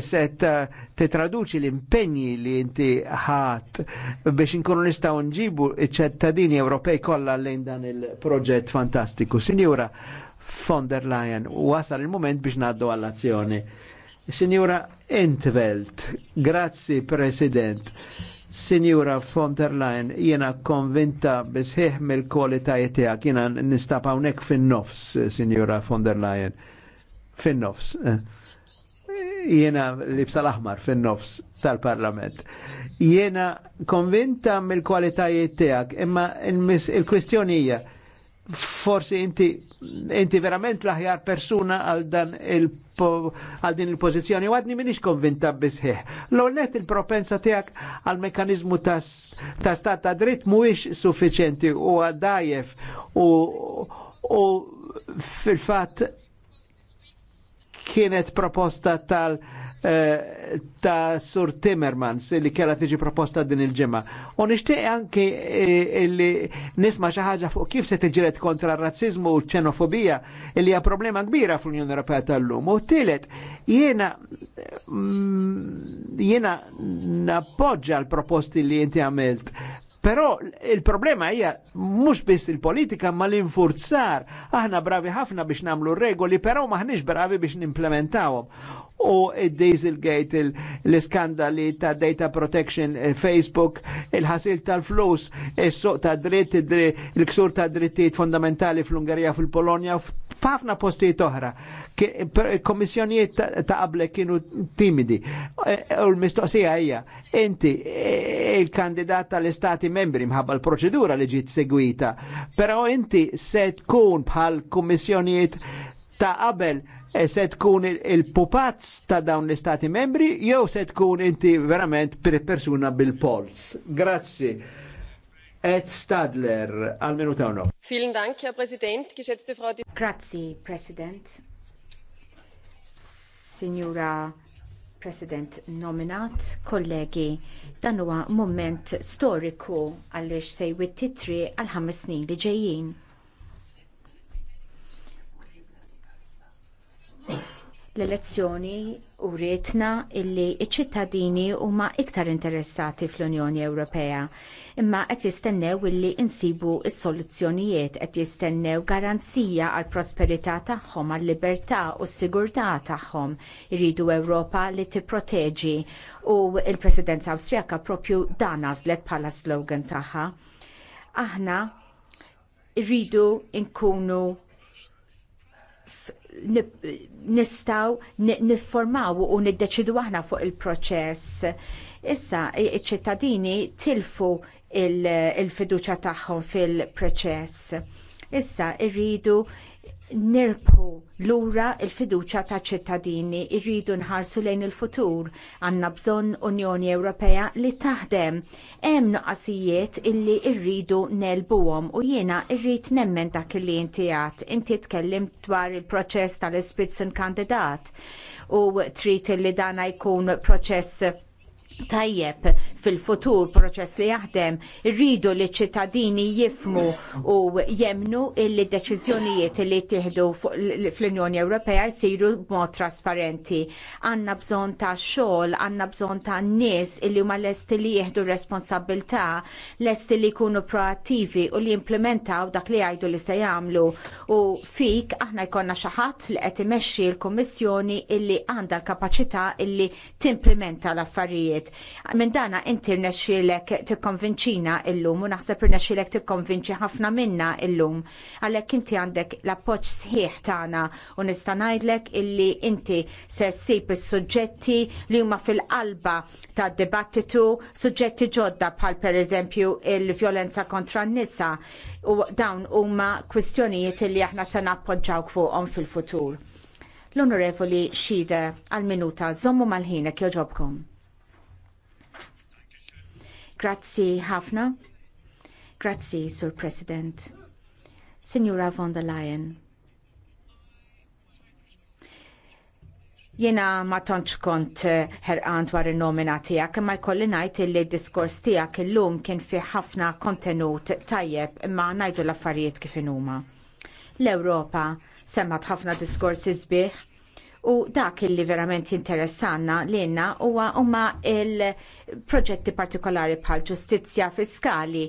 se titraduċi l-impegni li inti ħadd biex nkunu nistgħu nġibu ċ-ċittadini Ewropej kollha lejn dan il-proġett fantastiku. Sinjura von der Leyen, wasal il-moment biex ngħaddu għall-azzjoni. Signora Entveld, grazzi President. Signora von der Leyen, jena konvinta bisħiħ mill-kualitajiet tiegħek, jena nistapaw hawnhekk fin-nofs, Signora von der Leyen. Fin-nofs. Jena li aħmar fin-nofs tal-Parlament. Jena konvinta mill-kualitajiet tiegħek, imma il-kwistjonija il kwistjoni il forsi inti, inti verament l-aħjar persuna għal dan il għal din il-pozizjoni u għadni minix konvinta bisħiħ. L-onet il-propensa tijak għal mekanizmu ta' stat ta' dritt muwix suffiċenti u għaddajef u, u fil-fat kienet proposta tal- Eh, ta' Sur Timmermans li kera tiġi proposta din il-ġemma. U nishtiq anke eh, li nisma xi ħaġa fuq kif se tiġret kontra r-razzizmu u ċenofobija li hija problema kbira fl-Unjoni Ewropea tal-lum. U tielet, jiena mm, jiena nappoġġa l-proposti li inti għamilt Però il-problema hija mhux biss il-politika ma l-infurzar. Aħna bravi ħafna biex nagħmlu regoli, però maħniex bravi biex nimplementawhom u il-Dieselgate, l-iskandali ta' data protection, eh, Facebook, il-ħasil tal-flus, il-suq ta' dritt, il-ksur ta' drittijiet fondamentali fl-Ungarija, fil polonia f'ħafna postijiet oħra. Komissjonijiet ta' qabel kienu timidi. Eh, eh, u l-mistoqsija hija, inti il-kandidat tal-istati membri mħabba l-proċedura li ġiet segwita, però inti se tkun bħal komissjonijiet ta' qabel e se tkun il-pupazz ta' dawn l-istati membri jew se tkun inti verament persuna bil-pols. Grazzi. Ed Stadler, għal minuta uno. Vielen Dank, Herr Präsident, geschätzte Frau Di Grazie, President. Signora President nominat, kollegi, dan huwa moment storiku għaliex sejwi titri għal ħames snin li ġejjin L-elezzjoni u rietna illi iċ-ċittadini huma iktar interessati fl-Unjoni Ewropea. Imma qed jistennew illi insibu s-soluzzjonijiet qed jistennew garanzija għall prosperità tagħhom, għall libertà u s-sigurtà tagħhom. Iridu Ewropa li tipproteġi u l-Presidenza Awstrijaka propju dan għażlet bħala slogan tagħha. Aħna rridu nkunu nistaw niformaw u niddeċidu aħna fuq il-proċess. Issa iċ-ċittadini tilfu il-fiduċa tagħhom fil-proċess. Issa irridu nirbħu lura l-fiduċja taċ ċittadini irridu nħarsu lejn il-futur. Għandna bżonn Unjoni Ewropea li taħdem. Hemm nuqqasijiet illi rridu nelbuhom u jiena rrid nemmen dak li inti għad. Inti tkellimt dwar il-proċess tal-Spitzen kandidat u trid li dana jkun proċess tajjeb fil-futur proċess li jaħdem rridu li ċittadini jifmu u jemnu illi deċiżjonijiet li tiħdu fl-Unjoni Ewropea jsiru b'mod trasparenti. Għandna bżonn ta' xogħol, għandna bżonn ta' nies illi huma lesti li jieħdu responsabilità, lesti li jkunu proattivi u li jimplementaw dak li jgħidu li se jagħmlu. U fik aħna jkollna xi ħadd li qed imexxi l-Kummissjoni illi għandha l-kapaċità illi timplementa l-affarijiet Minn dana inti rnexxilek tikkonvinċina illum u naħseb rnexxilek tikkonvinċi ħafna minna illum. Għalhekk inti għandek l-appoġġ sħiħ tagħna u nista' ngħidlek illi inti se ssib is-suġġetti li huma fil-qalba tad-dibattitu suġġetti ġodda bħal pereżempju il-vjolenza kontra n-nisa u dawn huma kwistjonijiet li aħna se nappoġġawk fuqhom fil-futur l-Onorevoli Xida għal minuta zommu mal-ħinek joġobkom. Grazzi ħafna. Grazzi, Sur President. Signora von der Leyen. Jena ma tonċ kont eh, ħerqan dwar in-nomina tiegħek imma jkolli ngħid li d-diskors tiegħek illum kien fih ħafna kontenut tajjeb imma ngħidu l-affarijiet kif huma. L-Ewropa semmat ħafna diskors izbiħ U dak li verament interessanna lilna huwa huma il-proġetti partikolari bħal ġustizzja fiskali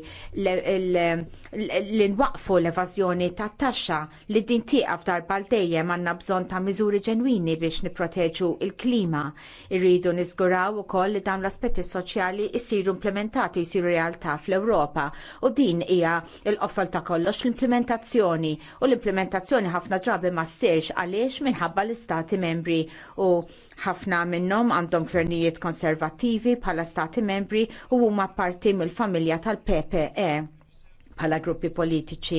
li nwaqfu l-evażjoni tat taxxa li din tieqa f'dar dejjem għandna bżonn ta' miżuri ġenwini biex nipproteġu l klima Irridu niżguraw ukoll li dawn l-aspetti soċjali jsiru implementati jsiru realtà fl-Ewropa u din hija l-offol ta' kollox l-implementazzjoni u l-implementazzjoni ħafna drabi ma ssirx għaliex minħabba l-istati membri u ħafna minnhom għandhom gvernijiet konservattivi bħala stati membri u huma parti mill-familja tal-PPE bħala gruppi politiċi.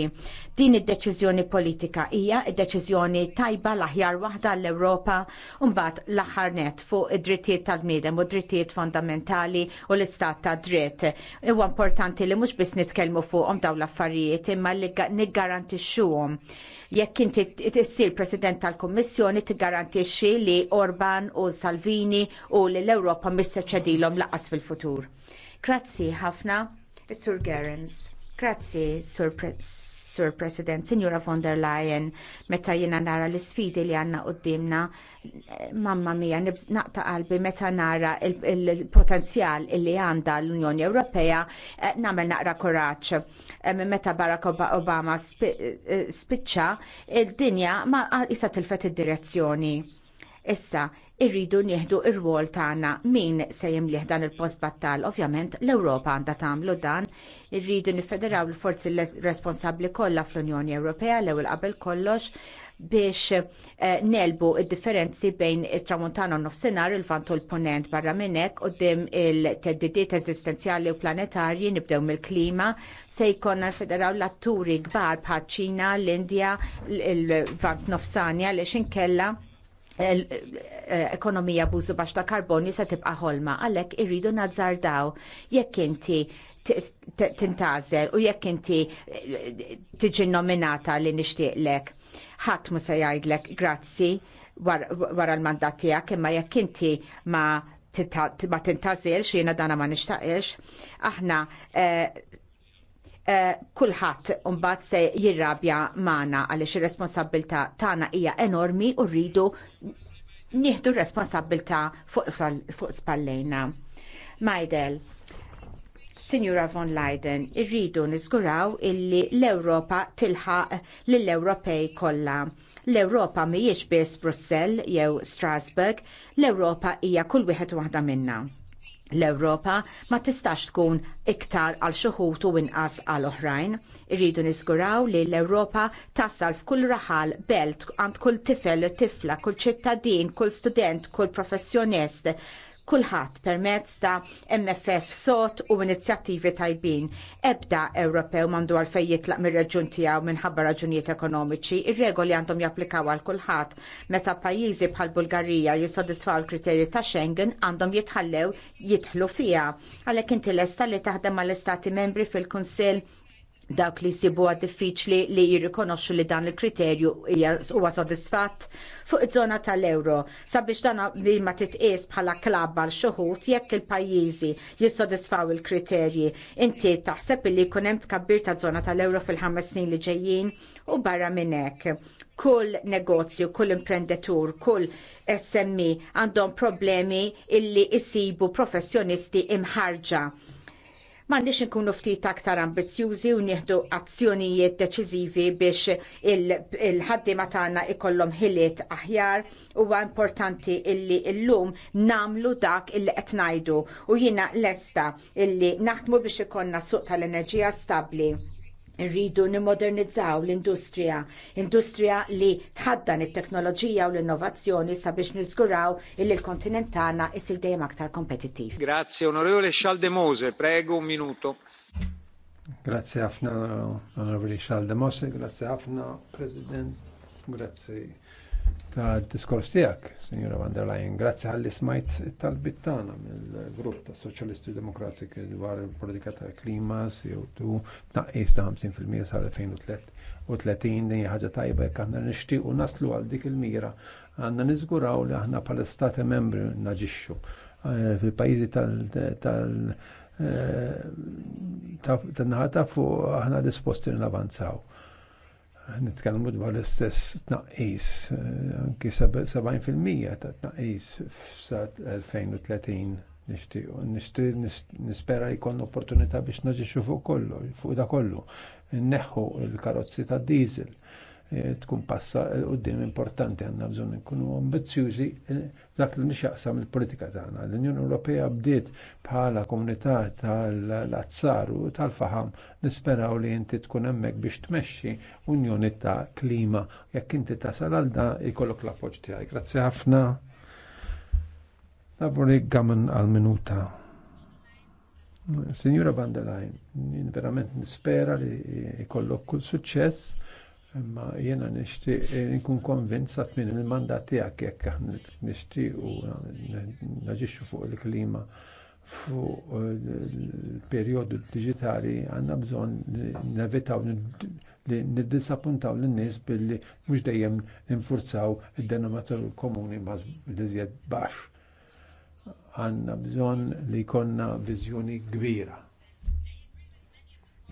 Din id-deċiżjoni politika hija id-deċiżjoni tajba l-aħjar waħda l-Ewropa mbagħad l-aħħar net fuq id-drittijiet tal-bniedem u drittijiet fondamentali u l-istat ta' dritt. Huwa importanti li mhux biss nitkellmu fuqhom dawn l-affarijiet imma li niggarantixxuhom. Jekk inti tissir President tal-Kummissjoni tiggarantixxi li Orban u Salvini u li l-Ewropa mis-seċedilhom laqas fil-futur. Grazzi ħafna, Sur Gerens. Grazzi, Sur, President, Signora von der Leyen, meta jiena nara l isfidi li għandna qoddimna, mamma mija, naqta qalbi meta nara il-potenzjal il li għandha l-Unjoni Ewropea, eh, nagħmel naqra koraċ. Eh, meta Barack Obama eh, spiċċa, il dinja ma jista tilfet id-direzzjoni Issa, irridu nieħdu r rwol tagħna min se jimlih dan il-post battal. Ovvjament l-Ewropa għandha tagħmlu dan, irridu niffederaw l-forzi responsabbli kollha fl-Unjoni Ewropea l-ewwel qabel kollox biex eh, nelbu id-differenzi bejn it-tramuntana u nofsinhar il-vant u l-ponent barra minn hekk quddiem il-teddidiet eżistenzjali u planetarji nibdew mill-klima se jkollna nfederaw l-atturi kbar bħal Ċina, l-Indja, il-vant nofsanja għaliex inkella Eh, ekonomija bużu baċ ta' karbonju se tibqa' ħolma għalhekk irridu nazzardaw jekk inti tintażel u jekk inti eh, tiġi nominata li nixtieqlek. Ħadd mu se jgħidlek grazzi wara l-mandat tiegħek imma jekk inti ma ma tintażilx jiena dana ma nixtaqilx aħna eh, Eh, kulħadd mbagħad se jirrabja maħna għaliex ir-responsabilità tagħna hija enormi u rridu nieħdu responsabilità fuq, fuq spallejna. Majdel, Sinjura von Leiden, irridu niżguraw illi l-Ewropa tilħaq lill-Ewropej kollha. L-Ewropa mhijiex biss Brussell jew Strasbourg, l-Ewropa hija kull wieħed waħda minnha l-Ewropa ma tistax tkun iktar għal xuħut u inqas għal oħrajn. Irridu niżguraw li l-Ewropa tasal f'kull raħal belt għand kull tifel, tifla, kull ċittadin, kull student, kull professjonist kulħadd permezz ta' MFF sot u inizjattivi tajbin. Ebda Ewropew mandu għalfej jitlaq mir-reġjun tiegħu minħabba raġunijiet ekonomiċi, ir-regoli għandhom japplikaw għal kulħadd. Meta pajjiżi bħal Bulgarija jissodisfaw l-kriterji ta' Schengen għandhom jitħallew jitħlu fiha. Għalhekk inti l-esta li taħdem mal-Istati membri fil-Kunsill Dawk li jsibuha diffiċli li jirrikonoxxu li dan il-kriterju huwa sodisfatt fuq iż-żona tal-euro sabiex dan ma titqies bħala klabb għal xuħut jekk il-pajjiżi jissodisfaw il-kriterji. Inti taħseb li jkun hemm tkabbir ta' żona tal-euro fil-ħames snin li ġejjin u barra minn hekk. Kull negozju, kull imprenditur, kull SMI e għandhom problemi illi jsibu professjonisti imħarġa M'għandniex inkunu ftit aktar ambizjużi u nieħdu azzjonijiet deċiżivi biex il-ħaddiema tagħna ikollhom ħiliet aħjar huwa importanti illi llum namlu dak illi qed ngħidu u jiena lesta illi naħdmu biex ikollna suq tal-enerġija stabbli Irridu nimmodernizzaw l-industrija, industrija li tħaddan it-teknoloġija u l-innovazzjoni sabiex niżguraw illi l-kontinent tagħna isir dejjem aktar kompetittiv. Grazie, onorevole Schaldemose, prego un minuto. Grazie ħafna, onorevole Schaldemose, grazie ħafna, President, grazie ta' diskors tijak, signora van der Leyen, grazzi għalli smajt tal-bit tana mill-grupp ta' Soċjalisti Demokratiki dwar il-politika ta' klima, CO2, tnaqqis ta' 50% sa' 2030 din ħaġa tajba għanna aħna u naslu għal dik il-mira għandna niżguraw li aħna pal-estate membri naġixxu eh, fil-pajjiżi tal- eh, naħata fuq aħna disposti l-avanzaw nitkellmu dwar l-istess tnaqqis, eh, anki 70% ta' tnaqqis f'sa 2030 nixtiequ. Nispera jkun opportunità biex naġixxu fuq kollu, fuq da kollu. neħu l-karozzi ta' diesel E, tkun passa e, qudiem importanti għandna bżonn nkunu ambizjużi e, dak li nixaqsam il-politika tagħna. L-Unjoni Ewropea bdiet bħala komunità tal-azzar u tal-faham nisperaw li inti tkun hemmhekk biex tmexxi Unjoni ta' klima. Jekk inti tasal għal da jkollok l-appoġġ tiegħi. Grazzi ħafna. Labori gamen għal-minuta. Signora Van der Leyen, verament nispera li ikollok kull suċċess Imma jena nishti, nkun għat minn il-mandat tiegħek jekk nishti u eh, naġixxu fuq il-klima fuq il-perjodu digitali għandna bżonn nevitaw li nid-disappuntaw lin-nies billi mhux dejjem infurzaw id-denominator komuni ma' izjed baxx. Għanna bżonn li jkollna viżjoni kbira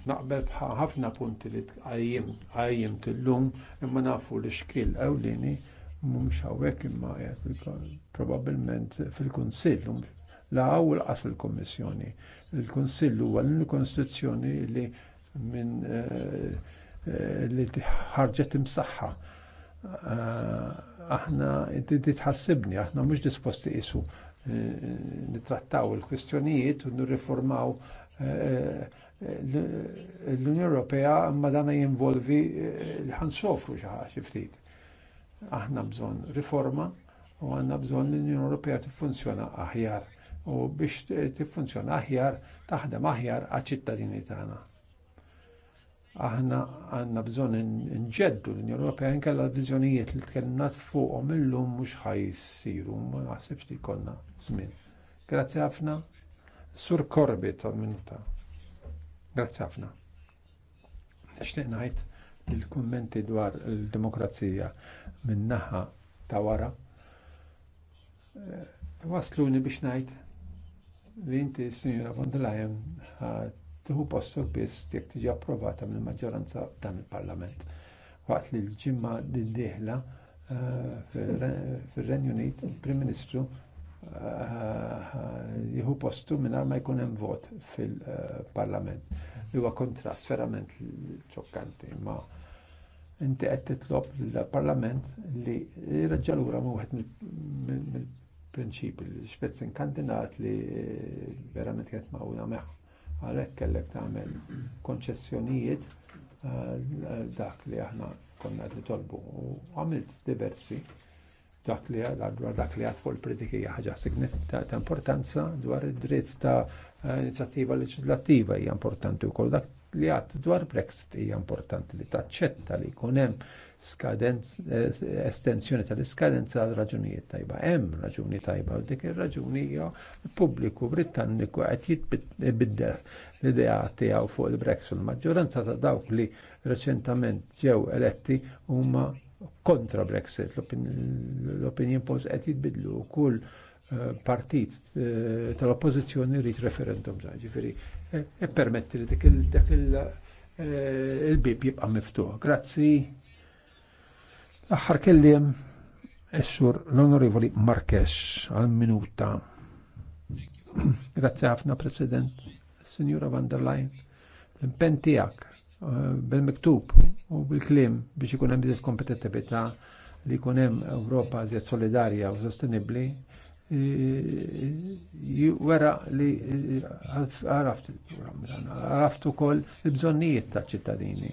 naqbel ħafna punti li għajjem tillum imma nafu li xkil ewlieni mhumx hawnhekk imma probabbilment fil-kunsill um la għawil qas fil-kommissjoni. Il-kunsill huwa l-kostituzzjoni li minn eh, eh, li ħarġet imsaħħa. Eh, aħna titħassibni, aħna mhux disposti qisu nitrattaw il-kwistjonijiet u nirriformaw l-Unjoni Ewropea ma dana jinvolvi eh, l-ħan sofru xi ftit. Aħna bżonn riforma u għandna bżonn l-Unjoni Ewropea tiffunzjona aħjar u biex tiffunzjona aħjar taħdem aħjar għaċ-ċittadini tagħna aħna għanna bżon nġeddu l-Unjoni Ewropea nkella viżjonijiet li tkellna fuqhom illum mhux ħajsiru ma naħsibx li jkollna żmien. Grazzi ħafna. Sur Korbit minuta. Grazzi ħafna. Nixtieq ngħid il-kummenti dwar il-demokrazija minn naħa ta' wara eh, wasluni biex ngħid li inti s-Sinjura von der Leyen tuħu postu biss jekk tiġi approvata mill maġġoranza dan il-Parlament. Waqt li l-ġimma d-dieħla eh, fir renjunit Unit, il-Prim Ministru jihu postu mingħajr ma jkun hemm vot fil-Parlament. Li huwa kontrast verament ċokkanti ma inti qed titlob lill-Parlament li jirraġġal ura ma wieħed mill-prinċipi li xpezz inkandinat li verament qed mawna meħ. Għalhekk kellek tagħmel konċessjonijiet eh, dak li aħna konna nitolbu u għamilt diversi dak li dwar dak li għad fuq il-politika hija ħaġa ta' importanza dwar id-dritt ta' inizjattiva leġislattiva hija importanti wkoll dak li għad dwar Brexit hija importanti li taċċetta li jkun hemm eh, estensjoni tal-iskadenza għal raġunijiet tajba. Hemm raġuni tajba u dik ir-raġuni hija l-pubbliku Britanniku qed jitbiddel l-idea tiegħu fuq il-Brexit. Il-maġġoranza ta' dawk li reċentament ġew eletti huma kontra Brexit, l-opinjon post qed jitbidlu kull eh, partit eh, tal-oppożizzjoni rrit referendum ta' ġifieri e eh, permetti li dik il-bib jibqa' miftuħ. Grazzi. L-aħħar kelliem Essur l-Onorevoli Marques għal-minuta. (clears throat) Grazzi ħafna, President. Signora van der Leyen, l impenn tiegħek bil-miktub u bil-klim biex ikun hemm biżis kompetittività li jkun hemm Ewropa żjed solidarja u sostenibbli wera li għaraft ukoll il-bżonnijiet taċ ċittadini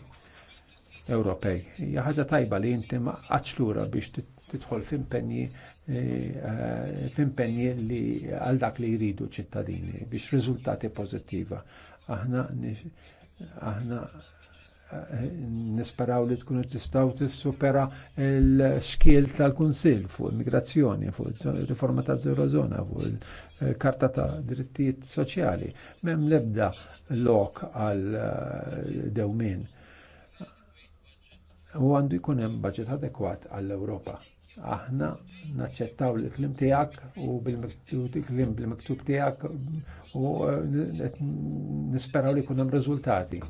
Ewropej. Hija ħaġa tajba li inti ma lura biex tidħol f'impenji e, e, f'impenji li għal dak li jridu ċittadini biex riżultati pożittiva. Aħna aħna nisperaw li tkunu tistaw tissupera l-xkiel tal-Kunsill fuq immigrazzjoni, fuq riforma ta' Zero zona, fuq il-karta ta' drittijiet soċjali. Mem lebda lok għal eh, dewmin. U għandu jkun hemm budget adekwat għall-Ewropa. Aħna naċċettaw l-klim tiegħek u bil-klim bil-miktub tiegħek u eh, nisperaw li jkun hemm riżultati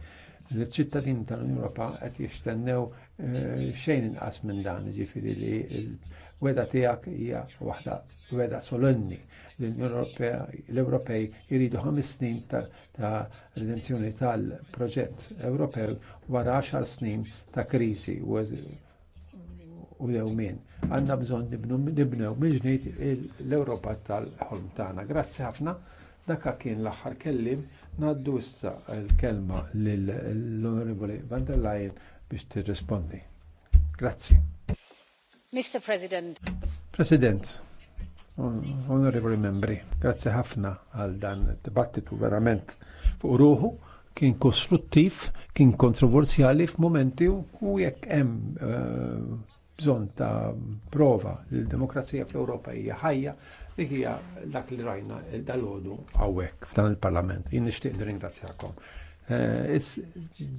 l-ċittadin tal-Europa qed jistennew eh, xejn inqas minn dan, ġifieri li l-weda tiegħek hija waħda weda solenni l-Ewropej jiridu ħames snin ta' redenzjoni tal-proġett Ewropew wara 10 snin ta' kriżi u dewmien. Għandna bżon nibnew miġnit l-Ewropa tal-ħolm tagħna. Grazzi ħafna, dak kien l-aħħar kellim Naddu issa l-kelma l-Onorevoli Van der Leyen biex tirrispondi. Grazzi. Mr. President. President, onorevoli membri, grazzi ħafna għal dan dibattitu verament fuq ruħu kien kostruttiv, kien kontroversjali f'momenti u jekk hemm eh, bżonn ta' prova li l-demokrazija fl-Ewropa hija ħajja, hija dak li rajna dal ħodu għawek f'dan il-parlament. Jien nixtieq ringrazzjakom. Eh,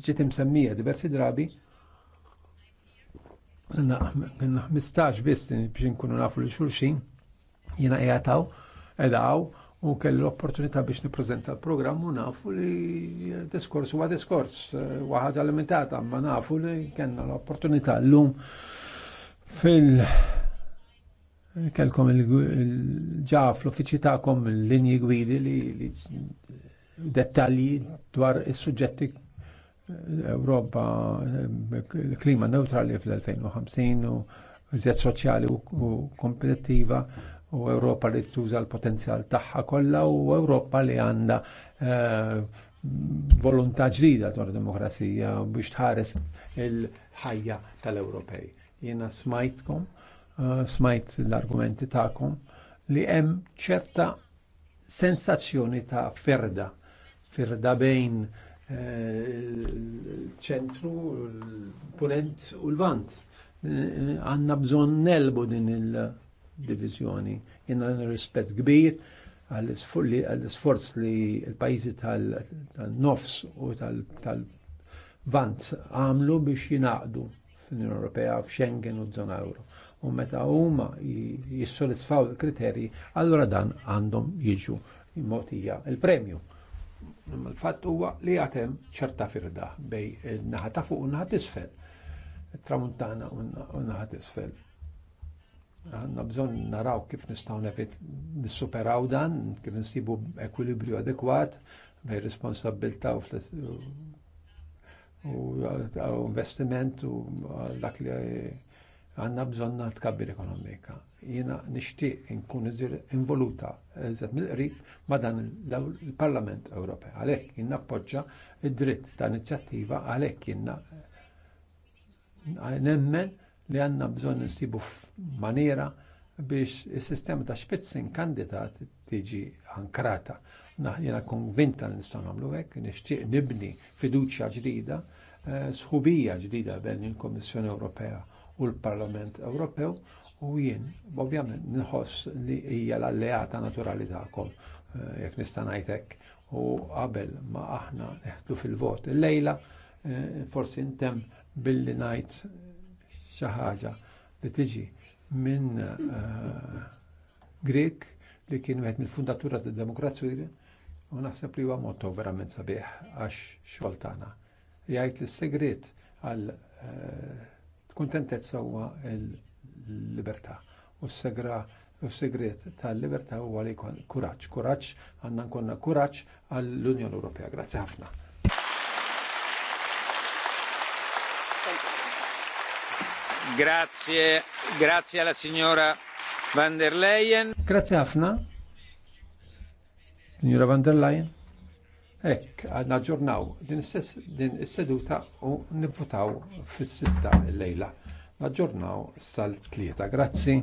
ġiet imsemmija diversi drabi Għanna 15 biss biex nkunu nafu li xulxin, jina jgħataw, edaw, u kelli l-opportunità biex niprezenta l-programm u nafu li diskors huwa diskors, eh, waħad alimentata, ma nafu li kena l-opportunità l-lum fil- kelkom il ġaf l uffiċi ta'kom l-linji gwidi li dettalji dwar is-suġġetti Europa eh, eh, klima neutrali fl-2050 u zjed soċjali u kompetittiva u Europa li tuża l-potenzjal tagħha kollha u Europa li għandha eh, volontà ġdida dwar demokrazija biex tħares il-ħajja tal-Ewropej. Jiena smajtkom Eh, smajt l-argumenti tagħkom li hemm ċerta sensazzjoni ta' ferda, ferda bejn eh, ċentru, l-punent u l-vant. Eh, għanna bżon nelbu din il-divizjoni. Jena rispett kbir għall-sforz li l-pajzi tal-nofs u tal-vant għamlu biex jinaqdu fl-Unjoni Ewropea, f'Schengen u zona euro u meta huma jissolisfaw il-kriterji, allura dan għandhom jiġu motija il-premju. Imma l-fatt huwa li għatem ċerta firda bej il-naħa ta' fuq u naħa tisfel. Tramuntana u naħa tisfel. Għanna bżon naraw kif nistaw nefit nissuperaw dan, kif nsibu ekwilibrju adekwat bej responsabilta u u investiment u dak li għanna bżon tkabbir ekonomika. Jina nishtiq nkun iżir involuta eżat mill-qrib ma dan il-Parlament Ewropew. Għalhekk jien nappoġġa id-dritt ta' inizjattiva għalhekk jina nemmen li għanna bżonn nsibu maniera biex il sistema ta' spitzin kandidat tiġi ankrata. Jena konvinta li nistgħu nagħmlu hekk, nixtieq nibni fiduċja ġdida, eh, sħubija ġdida bejn il komissjoni Ewropea u l-Parlament Ewropew u jien ovvjament nħoss li hija l-alleata naturali tagħkom eh, jekk nista' ngħidlek u qabel ma aħna neħdu fil-vot Lejla, eh, forsi intemm billi ngħid xi ħaġa li tiġi minn eh, Grek li kien wieħed mill-fundatura tad-demokrazija u naħseb li huwa motto verament sabiħ għax xogħol tagħna. Jgħid li s-segret għal Kuntentezza huwa l-libertà u s-segra U s-segret tal-libertà huwa li jkun kuraġġ, kuraġġ għandna nkollna kuraġġ għall-Unjoni Ewropea. Grazzi ħafna. Grazie, grazie alla signora van der Leyen. Grazie Afna. Signora van der Leyen. Ek, għadna ġurnaw din is-seduta u nifutaw fis-sitta l-lejla. Naġġornaw sal-tlieta. Grazzi.